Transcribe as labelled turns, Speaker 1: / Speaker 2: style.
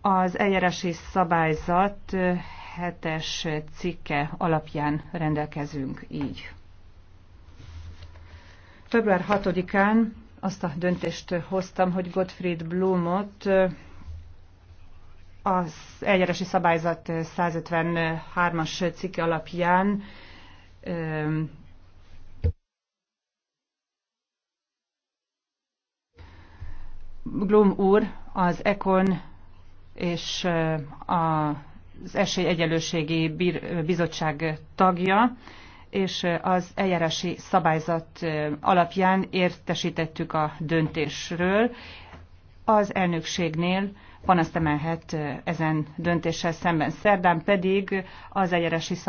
Speaker 1: az eljárási szabályzat hetes cikke alapján rendelkezünk így. Február 6-án azt a döntést hoztam, hogy Gottfried Blumot az eljárási szabályzat 153-as cikke alapján Blum úr az Ekon és az Esélyegyelőségi Bizottság tagja, és az eljárási szabályzat alapján értesítettük a döntésről. Az elnökségnél panaszt emelhet ezen döntéssel szemben. Szerdán pedig az eljárási szabályzat